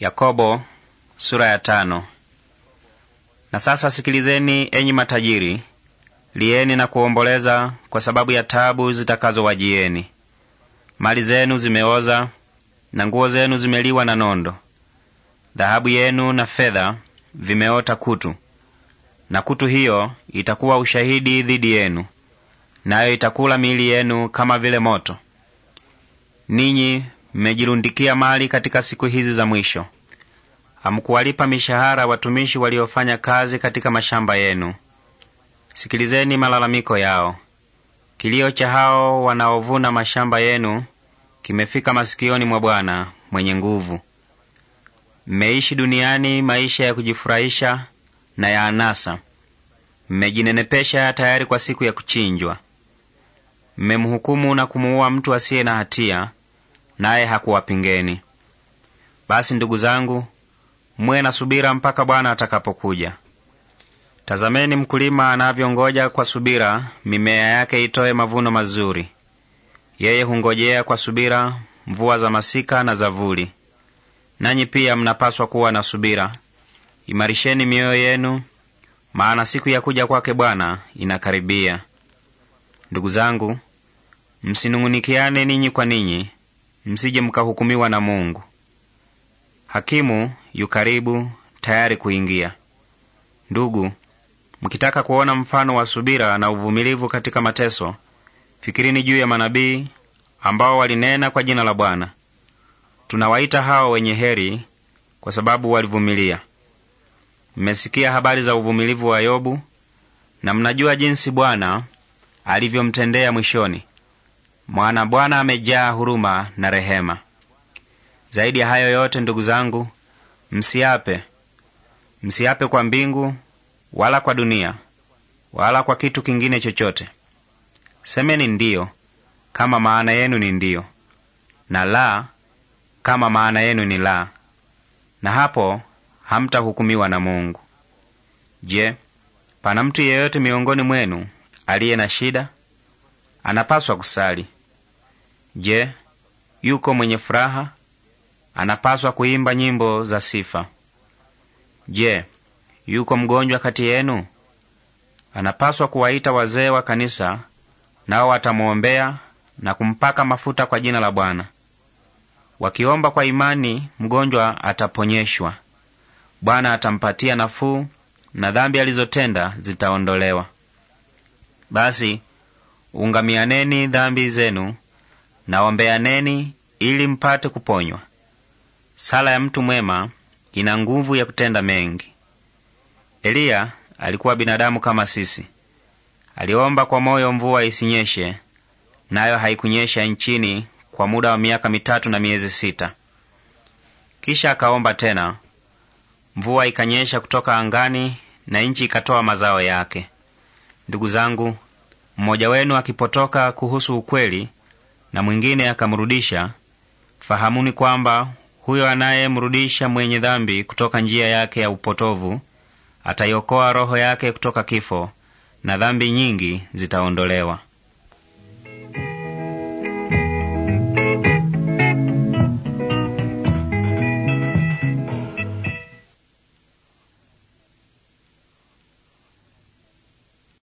Yakobo sura ya tano. Na sasa sikilizeni, enyi matajiri, lieni na kuomboleza kwa sababu ya tabu zitakazowajieni. Mali zenu zimeoza na nguo zenu zimeliwa na nondo. Dhahabu yenu na fedha vimeota kutu, na kutu hiyo itakuwa ushahidi dhidi yenu, nayo itakula miili yenu kama vile moto. Ninyi mmejirundikia mali katika siku hizi za mwisho. Hamkuwalipa mishahara watumishi waliofanya kazi katika mashamba yenu. Sikilizeni malalamiko yao. Kilio cha hao wanaovuna mashamba yenu kimefika masikioni mwa Bwana mwenye nguvu. Mmeishi duniani maisha ya kujifurahisha na ya anasa. Mmejinenepesha tayari kwa siku ya kuchinjwa. Mmemhukumu na kumuua mtu asiye na hatia naye hakuwapingeni. Basi ndugu zangu, mwe na subira mpaka Bwana atakapokuja. Tazameni mkulima anavyongoja kwa subira mimea yake itoe mavuno mazuri. Yeye hungojea kwa subira mvua za masika na za vuli. Nanyi pia mnapaswa kuwa na subira. Imarisheni mioyo yenu, maana siku ya kuja kwake Bwana inakaribia. Ndugu zangu, msinung'unikiane ninyi kwa ninyi, msije mkahukumiwa na Mungu. Hakimu yu karibu tayari kuingia. Ndugu, mkitaka kuona mfano wa subira na uvumilivu katika mateso, fikirini juu ya manabii ambao walinena kwa jina la Bwana. Tunawaita hao wenye heri kwa sababu walivumilia. Mmesikia habari za uvumilivu wa Yobu na mnajua jinsi Bwana alivyomtendea mwishoni. Mwana Bwana amejaa huruma na rehema. Zaidi ya hayo yote, ndugu zangu, msiape. Msiape kwa mbingu, wala kwa dunia, wala kwa kitu kingine chochote. Semeni ndiyo kama maana yenu ni ndiyo, na la kama maana yenu ni la, na hapo hamtahukumiwa na Mungu. Je, pana mtu yeyote miongoni mwenu aliye na shida? Anapaswa kusali. Je, yuko mwenye furaha? Anapaswa kuimba nyimbo za sifa. Je, yuko mgonjwa kati yenu? Anapaswa kuwaita wazee wa kanisa, nao watamwombea na kumpaka mafuta kwa jina la Bwana. Wakiomba kwa imani, mgonjwa ataponyeshwa. Bwana atampatia nafuu na dhambi alizotenda zitaondolewa. Basi ungamianeni dhambi zenu naombeaneni ili mpate kuponywa. Sala ya mtu mwema ina nguvu ya kutenda mengi. Eliya alikuwa binadamu kama sisi. Aliomba kwa moyo mvua isinyeshe, nayo haikunyesha nchini kwa muda wa miaka mitatu na miezi sita. Kisha akaomba tena, mvua ikanyesha kutoka angani na nchi ikatoa mazao yake. Ndugu zangu, mmoja wenu akipotoka kuhusu ukweli na mwingine akamrudisha, fahamuni kwamba huyo anayemrudisha mwenye dhambi kutoka njia yake ya upotovu ataiokoa roho yake kutoka kifo, na dhambi nyingi zitaondolewa.